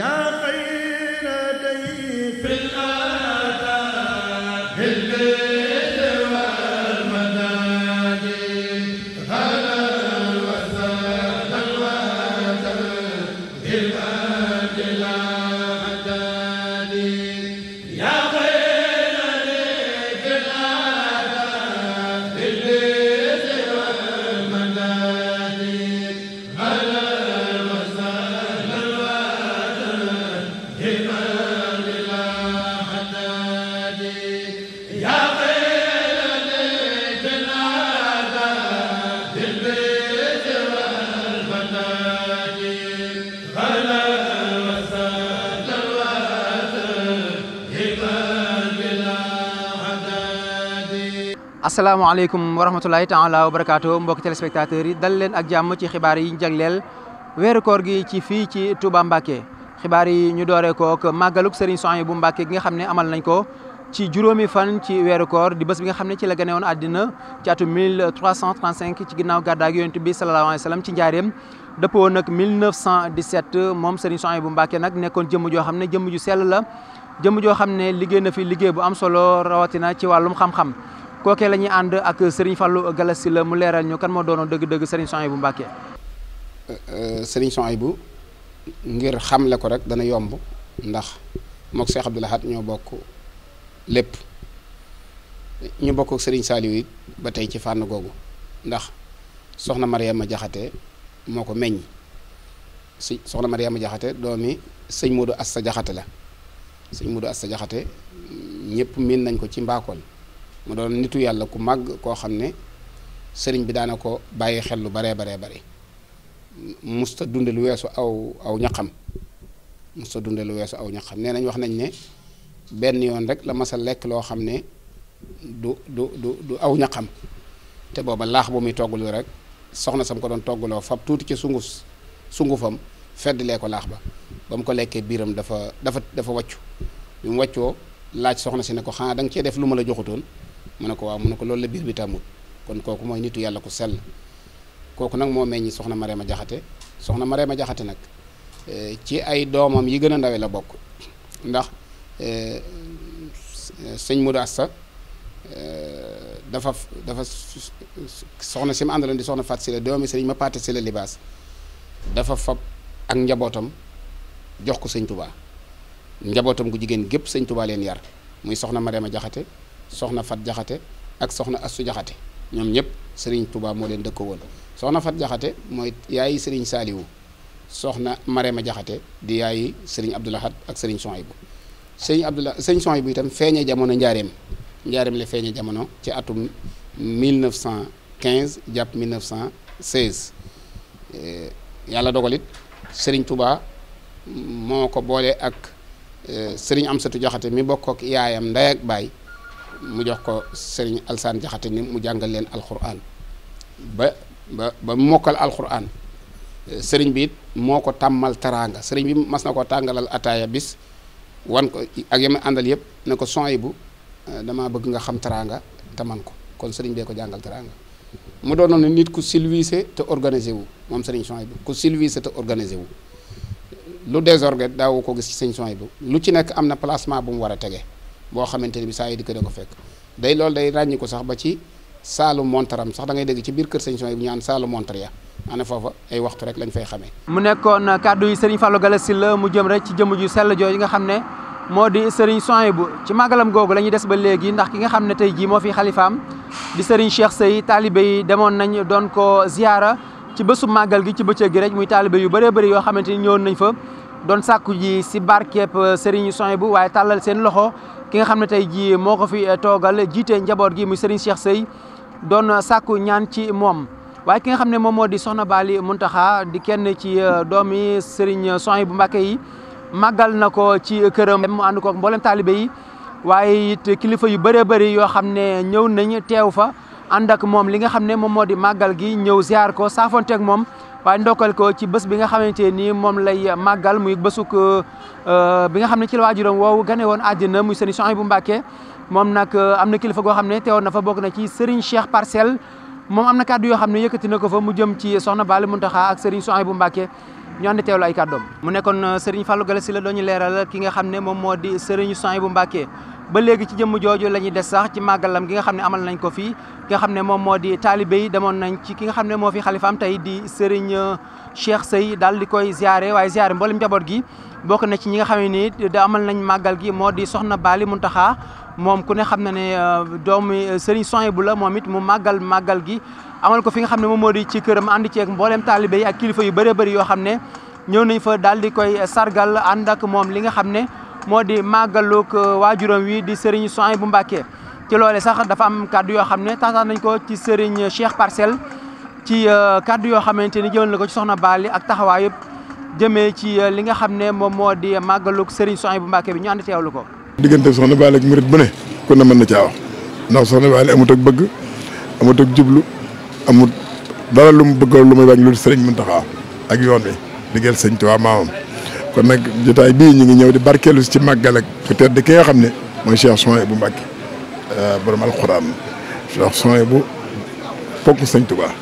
yaa xayra day asalaamaaleykum wa rahmatulahi taala wa barakaatu mbokki téléspectateurs yi dal leen ak jàmm ci xibaar yi ñu jagleel weeru koor gi ci fii ci Touba Mbacké xibaar yi ñu dooree ko ak màggaluk yi bu Mbacké gi nga xam ne amal nañ ko ci juróomi fan ci weeru koor di bés bi nga xam ne ci la gane woon àddina ci atum 1335 ci ginnaaw gàddaa ak yonent bi sallallahu alayhi wa sallam ci njaareem dëppoo nag 1917 moom Serigne Souhaïbou Mbacké nag nekkoon jëmm joo xam ne jëmm ju sell la jëmm joo xam ne liggéey na fi liggéey bu am solo rawatina ci wàllum xam kookee la ñuy ànd ak Serigne Fallou Galass Sylla mu leeral ñu kan moo doonoon dëgg-dëgg bu Souhaïbou Mbacké. Euh, Serigne bu ngir xamle ko rek dana yomb ndax mook Cheikh Abdoul Ahad ñoo bokk lépp ñu bokk ak Serigne Saliou ba tey ci fànn googu ndax soxna Mariama Jaxate moo ko meññ si soxna Mariama Jaxate doomi sëñ as sa Jaxate la sëñ as sa Jaxate ñëpp miin nañ ko ci mbaakool mu doon nitu yàlla ku màgg koo xam ne sëriñ bi daana ko bàyyi xel lu baree baree bari musta dunde lu weesu aw aw ñaxam musta dunde lu weesu aw ñaxam nee nañ wax nañ ne benn yoon rek la masa lekk loo xam ne du du du du aw ñaxam te booba laax bu muy toggalu rek soxna sam ko doon toggaloo fab tuuti ci sunguf sungufam feddalee ko laax ba ba mu ko lekkee biiram dafa dafa dafa wàccu bi mu wàccoo laaj soxna si ne ko xanaa da nga cee def lu ma la joxutoon mu ne ko waaw mu ne ko loolu la biir bi tàmmut kon kooku mooy nitu yàlla ku sell kooku nag moo meññi soxna Marema Jaxate soxna Marema Jaxate nag eh, ci ay doomam yi gën a ndawe la bokk ndax eh, sëñ Modou Asta eh, dafa dafa soxna si ma àndaloon di soxna Fat si la doomi sëriñ ma paate si la libaas dafa fab ak njabootam jox ko sëñ Touba njabootam gu jigéen gépp sëñ Touba leen yar muy soxna Marema Jaxate soxna Fat Jaxate ak soxna Assu Jaxate ñoom ñëpp Serigne Touba moo leen dëkkoo woon soxna Fat Jaxate mooy yaay Serigne Saaliwu soxna Marema Jaxate di yaayi Serigne Abdou Lahad ak Serigne Souhaïbou Serigne Abdou Lahad Serigne Souhaïbou itam feeñee jamono njaareem njaareem la feeñee jamono ci atum 1915 jàpp 1916 eh, yàlla dogal it Serigne Touba moo ko boole ak eh, Serigne Amsatu Jaxate mi bokk ak yaayam ndey ak baay. mu jox ko sëriñ alsaan jaxate ni mu jàngal leen alxuraan ba ba ba mokkal alxuraan sëriñ bi moo ko tàmmal teraanga sëriñ bi mas na ko tàngalal ataaya bis wan ko ak yama àndal yëpp ne ko son yi bu eh, damaa bëgg nga xam teraanga te man ko kon sëriñ bee ko jàngal teraanga mu doonoon ne nit ku civilisé te organisé wu moom sëriñ son yi bu ku civilisé te organisé wu lu désordre daawu ko gis ci sëriñ son yi lu ci nekk am na placement bu mu war a tege boo xamante ni bi saa yi dikk da ko fekk day loolu day ràññi ko sax ba ci saalu montaram sax dangay dégg ci biir kër sëñ Sonia bu ñaan saalu montar ya ana foofa ay waxtu rek lañ fay xamee. mu nekkoon kàddu yi Serigne Fallou Galass Syll mu jëm rek ci jëmm ju sell jooju nga xam ne moo di Serigne Sonia bu ci màggalam googu la ñuy des ba léegi ndax ki nga xam ne tey jii moo fi xalifaam di Serigne Cheikh sëy taalibe yi demoon nañ doon ko ziyaara ci bésu màggal gi ci bëccëg gi rek muy taalibe yu bëree bëri yoo xamante ni ñëwoon nañ fa doon sàkku ji si barkeep Serigne Sonia bu waaye tàllal seen loxo ki nga xam ne tey jii moo ko fi eh, toogal jiite njaboot gi muy Serigne Cheikh sey doon sàkku ñaan ci moom waaye ki nga xam ne moom moo di soxna mun Muntaxa di kenn ci eh, doomi Serigne bu Mbacké yi màggal na ko ci këram mu ànd koog mboolem taalibe yi waaye it kilifa yu bëree bëri yoo xam ne ñëw nañ teew fa ànd ak moom li nga xam ne moom moo di màggal gi ñëw ziar ko saafonteeg moom waaye ndokkal ko ci bés bi nga xamante ni moom lay màggal muy bésuk euh, euh, bi nga xam ne ci la waajuram woowu gane woon na muy sëriñ Sohaybu Mbàkke moom nag euh, am na kilifa goo xam ne teewoon na fa bokk na ci Serigne Cheikh moom am na kàddu yoo xam ne yëkkati na ko fa mu jëm ci soxna Bally Mountakha ak Serigne Sohaybu Mbàkke ñu ànd teewlu ay kàddoom mu nekkoon Serigne Fallou si la doon ñu leeral ki nga xam ne moom moo di Serigne bu Mbàkke ba léegi ci jëmm jooju la ñuy des sax ci màggalam gi nga xam ne amal nañ ko fii ki nga xam ne moom moo di taalibe yi demoon nañ ci ki nga xam ne moo fi xalifaam tey di Serigne euh, Cheikh Sey daal di koy ziare waaye ziare mboolem njaboot gi bokk na ci ñi nga xam nii amal nañ màggal gi moo di soxna Baali Muntaxa moom ku ne xam na ne euh, doomu euh, Serigne Souhaïbou la moom it mu màggal màggal gi amal ko fi nga xam ne moom moo di ci këram ànd ceek mboolem taalibe yi ak kilifa yu bëree bari yoo xam ne ñëw nañ fa daal di koy sargal ànd ak moom li nga xam ne moo di màggalug euh, waajuram wi di Serigne bu Mbacké ci loole sax dafa am kàddu yoo xam ne tataan nañ ko ci Serigne Cheikh Parcelle ci euh, kàddu yoo xamante ni jëmal na ko ci soxna Bali ak taxawaay yëpp jëmee ci euh, li nga xam ne moom moo di màggalug Serigne bu Mbacké bi ñu ànd teewlu ko. diggante soxna Bali ak murit bu ne kon na mën na caa wax ndax soxna Bali amut ak bëgg amut ak jublu amut dara lu mu bëgg lu may bañ loolu Serigne Mountakha ak yoon wi liggéeyal sëñ Tuubaa maamam kon nag jotaay bii ñu ngi ñëw di barkeelu ci màggal ak ku tedd ki nga xam ne mooy Cheikh Souhaïbou bu Mbacké euh, borom alxuraan Cheikh Souhaïbou bu fokk sëñ Tuubaa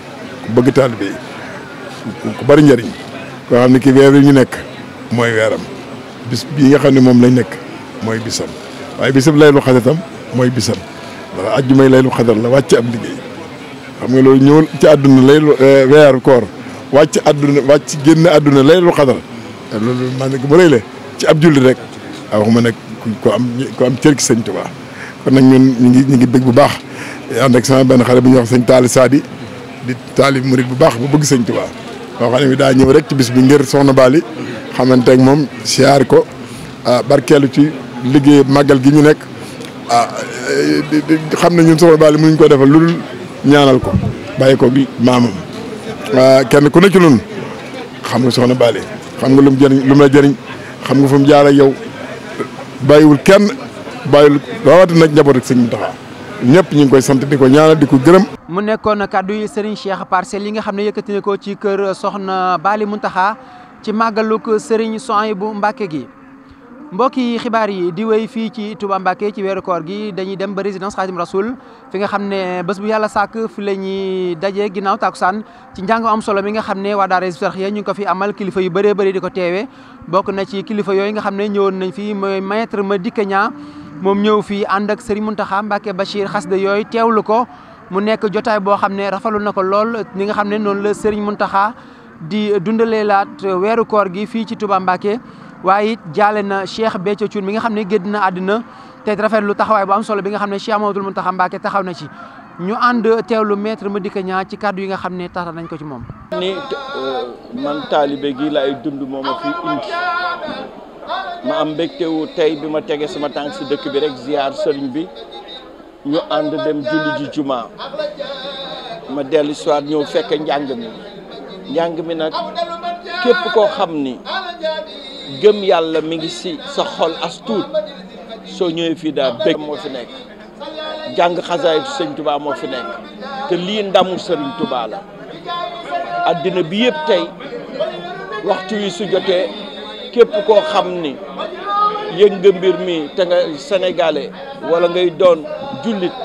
ku bëgg taalibe yi ku bari njëriñ koo xam ne ki weer ñu nekk mooy weeram bis bii nga xam ne moom lañ nekk mooy bisam waaye bisam laylu xadar tam mooy bisam ndax ajjumay laylu xadar la wàcc am liggéey xam nga loolu ñëwul ci àdduna laylu euh, weer koor wàcc àdduna wàcc génn àdduna lu xadar Euh, loolu maanaam bu rëy le ci ab julli rek ah, waxuma nag ku am ku am cër ci sëñ Tuubaa kon nag ñun ñu ngi ñu bëgg bu baax ànd ak sama benn xale bu ñu wax sëñ Taali Saadi di mu murit bu baax bu bëgg sëñ Tuubaa boo xam ne daa ñëw rek ci bis bi ngir soxna Bali xamante ak moom siyaar ko ah, barkeelu ci liggéey màggal gi ñu nekk ah xam ne ñun soxna Bali mënuñ ko defal lu ñaanal ko bàyyi ko maamam ah, kenn ku ne ci noonu xam nga soxna Bali xam nga lu mu jëriñ la jëriñ xam nga fu mu jaar ak yow bàyyiwul kenn bàyyiwul rawatina nag njaboot ak sëñ Mountakha ñëpp ñu ngi koy sant di ko ñaanal di ko gërëm. mu nekkoon kàddu yi Serigne Cheikh Parcelles yi nga xam ne yëkkati na ko ci kër Soxna Bali Mountakha ci màggalug Serigne Souhaïbou Mbacké gi. mbokk yi xibaar yi di wéy fii ci Touba Mbacké ci weeru koor gi dañuy dem ba résidence Khadim rasul fi nga xam ne bés bu yàlla sàkk fi la ñuy daje ginnaaw tàkkusaan ci njàng am solo mi nga xam ne waa daara Hizbut-Tarqiyyah ñu ngi ko fi amal kilifa yu bëree bëri di ko teewee bokk na ci kilifa yooyu nga xam ne ñëwoon nañ fi maitre ma Madické ñaa moom ñëw fii ànd ak Serigne Mountakha Mbacké Bachir xasida yooyu teewlu ko mu nekk jotaay boo xam ne rafetlu na ko lool ñi nga xam ne noonu la Serigne Mountakha di dundalee laat weeru koor gi fii ci Touba waaye it jaale na Cheikh Béthio Thioune mi nga xam ne gédd na àddina te lu taxawaay bu am solo bi nga xam ne Cheikh Mamadou Mountakha Mbacké taxaw na ci ñu ànd teewlu maître Madické Niang ci kàddu yi nga xam ne taxal nañ ko ci moom. ni man taalibe gi laay dund moom ma am mbégte wu tey bi ma tege sama tànk si dëkk bi rek ziar sëriñ bi ñu ànd dem julli ji juma ma dellu soir ñëw fekk njàng mi njàng mi nag képp koo xam ni. gëm yàlla mi ngi si sa xol as soo ñëwee fii daal bég moo fi nekk jàng xasaay sëñ Touba moo fi nekk te lii ndamu sëriñ Touba la addina bi yëpp tey waxtu wi su jotee képp koo xam ni yëg nga mbir mi te nga sénégalais wala ngay doon jullit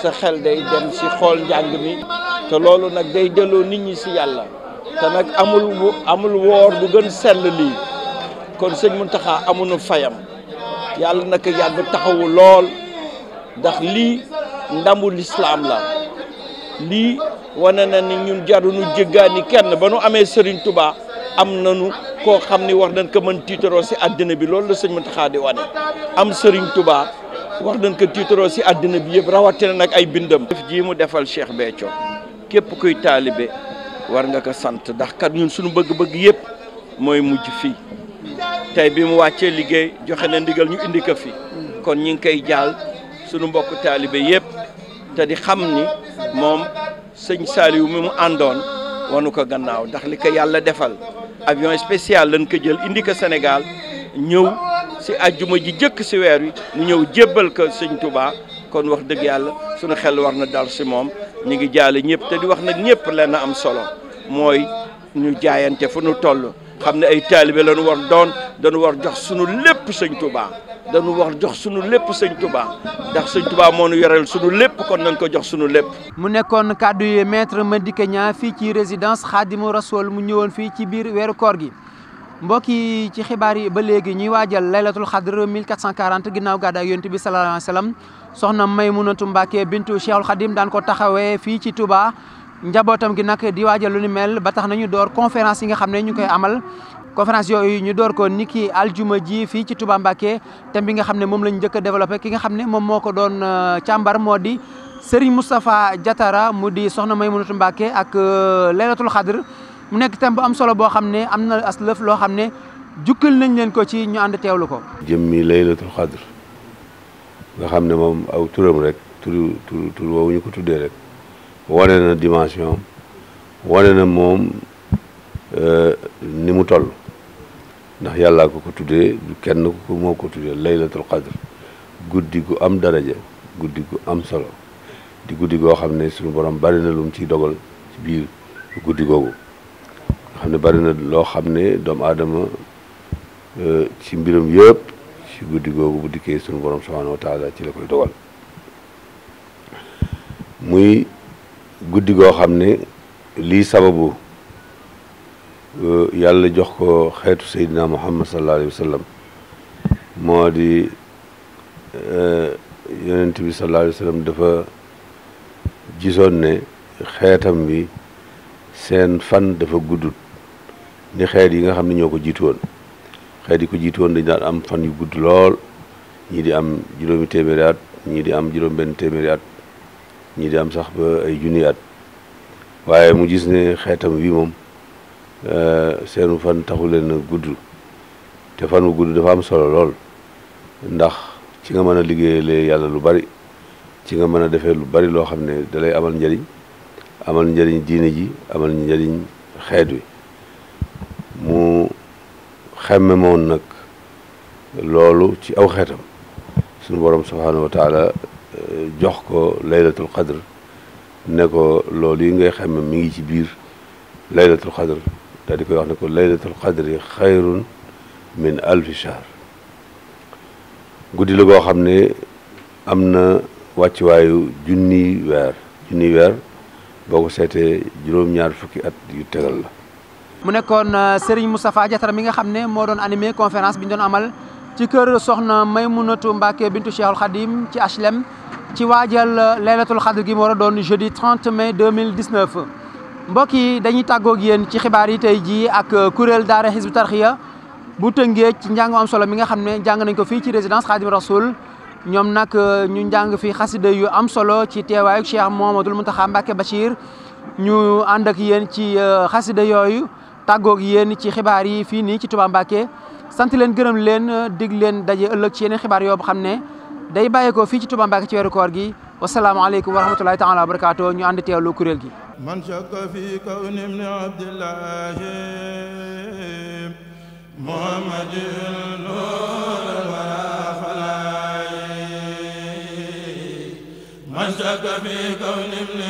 sa xel day dem si xool njàng mi te loolu nag day delloo nit ñi si yàlla te nag amul amul woor bu gën sell lii kon sëñ Mountakha amuñu fayam yàlla naka yàgg taxawu lool ndax lii ndamu lislaam la lii wane na ni ñun jaruñu jéggaani kenn ba nu amee Serigne tubaa am nañu koo xam ni war nañ ko mën tiitaroo si àddina bi loolu la sëñ Mountakha di wane am sëriñ tubaa wax nañ ko tiitaroo si àddina bi yëpp rawatina nag ay bindam. def jii mu defal Cheikh Béthio képp kuy taalibe war nga ko sant ndax kat ñun suñu bëgg-bëgg yëpp mooy mujj fii. tey bi mu wàccee liggéey joxe na ndigal ñu indi ko fi kon ñi ngi koy jaal sunu mbokku taalibe yëpp te di xam ni moom sëñ saaliyu mi mu àndoon wanu ko gannaaw ndax li ko yàlla defal avion spécial lañ ko jël indi ko Sénégal ñëw si àjjuma ji jëkk si weer wi ñu ñëw jébbal ko sëñ tubaa kon wax dëgg yàlla sunu xel war na dal si moom ñu ngi jaale ñëpp te di wax nag ñëpp leen na am solo mooy ñu jaayante fu nu toll. xam ne ay taalibe lañu war doon dañu war jox sunu lépp sëñ Touba dañu war jox sunu lépp sëñ Touba ndax sëñ Touba moo nu yoreel sunu lépp kon nañ ko jox sunu lépp. mu nekkoon kàddu yi maître Madické Niang fii ci résidence Khadimou Rassoul mu ñëwoon fii ci biir weeru koor gi. mbokk yi ci xibaar yi ba léegi ñuy waajal laylatul xadr 1440 ginnaaw gàddaay yonent bi sallallahu alayhi may sallam soxna Maymunatu Mbàkke bintu Cheikhul Xadim daan ko taxawee fii ci Touba. njabootam gi nag di waajal lu ni mel ba tax ñu door conférence yi nga xam ne ñu koy amal conférence yooyu ñu door ko niki aljuma ji fii ci Touba Mbacké thème bi nga xam ne moom lañu njëkk a développé ki nga xam ne moom moo ko doon euh, càmbar moo di Serigne Moustapha Diatara di soxna Maymunatu Mbacké ak euh, Laylatul Xadr mu nekk thème bu am solo boo xam ne am na as lëf loo xam ne jukkal nañ leen ko ci ñu ko. jëmmi Laylatul xam ne moom aw turam rek turu turu turu ñu ko tuddee rek. wane na dimension am wane na moom euh, ni mu toll ndax yàllaa ko ko tuddee du kenn ku moo ko tuddee laylatul qadr guddi gu am daraja guddi gu am solo di guddi goo xam ne suñu borom bari na lum ci dogal ci biir guddi googu xam ne bari na loo xam ne doomu aadama euh, ci mbiram yëpp ci guddi googu bu dikkee suñu borom subhanahu wa ci la koy dogal muy guddi goo xam ne lii sababu euh, yàlla jox ko xeetu seydina muhammad sallallahu alayhi wa sallam moo di euh, yonent bi sallallahu alayhi wa sallam dafa gisoon ne xeetam bi seen fan dafa guddut ni xeet yi nga xam ne ñoo ko jiitu woon xeet yi ko jiitu woon dañ daan am fan yu gudd lool ñii di am juróomi téeméeri at ñii di am juróom benn téeméeri at ñi di am sax ba ay junni at waaye mu gis ne xeetam wi moom euh, seenu fan taxu leen gudd te fan wu gudd dafa am solo lool ndax ci nga mën a liggéeyalee yàlla lu bari ci nga mën a defee lu bari loo xam ne dalay amal njariñ amal njariñ diine ji amal njariñ xeet wi mu xemme moon nag loolu ci aw xeetam sunu borom subhaanahu wa jox ko laylatul qadr ne ko loolu yi ngay xam ne mi ngi ci biir laylatul qadr daal di koy wax ne ko laylatul qadri xayrun min alfi shahr guddi la goo xam ne am na wàccuwaayu junniy weer junniy weer boo ko seetee juróom-ñaar fukki at yu tegal la. mu nekkoon euh, Serigne Moustapha Diatara mi nga xam ne moo doon animé conférence bi ñu doon amal ci kër soxna Maymunatu Mbacke bintu Cheikhul Khadim ci HLM. ci waajal euh, laylatul xadr gi mu a doon jeudi 30 mai 2019 mbokk yi dañuy tàggoog yéen ci xibaar yi tey jii ak euh, kuréel daara Hizbut Tarqiyyah bu tëngee ci njàng am solo mi nga xam ne njàng nañ ko fii ci résidence Khadim Rasoul ñoom nag euh, ñu njàng fi xasida yu am solo ci teewaayu Cheikh Mouhamadoul Mountakha Mbacké Bachir ñu ànd ak yéen ci xasida yooyu tàggoog yéen ci xibaar yi fii nii ci Touba Mbacké sant leen gërëm leen dig leen daje ëllëg ci yeneen xibaar yoo xam ne day bàyyeekoo fii ci Touba Mbacké ci weeru koor gi wasalaamaaleykum wa rahmatulahi taala wa barakaatu ñu ànd teewlu kuréel gi man shakka fi kawni ibni abdillahi muhammadin nuurul waraa falaayi man shakka fi kawni ibni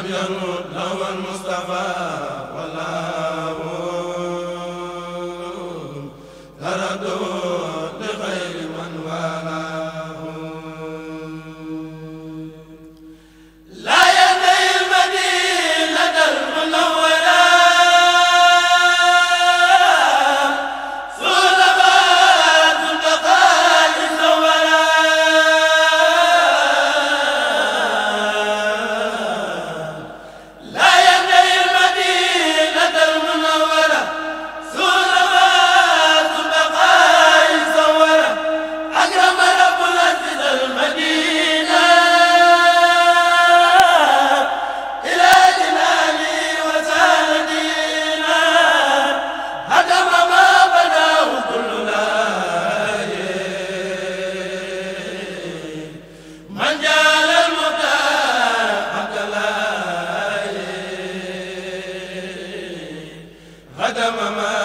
أبيض لو المصطفى a ma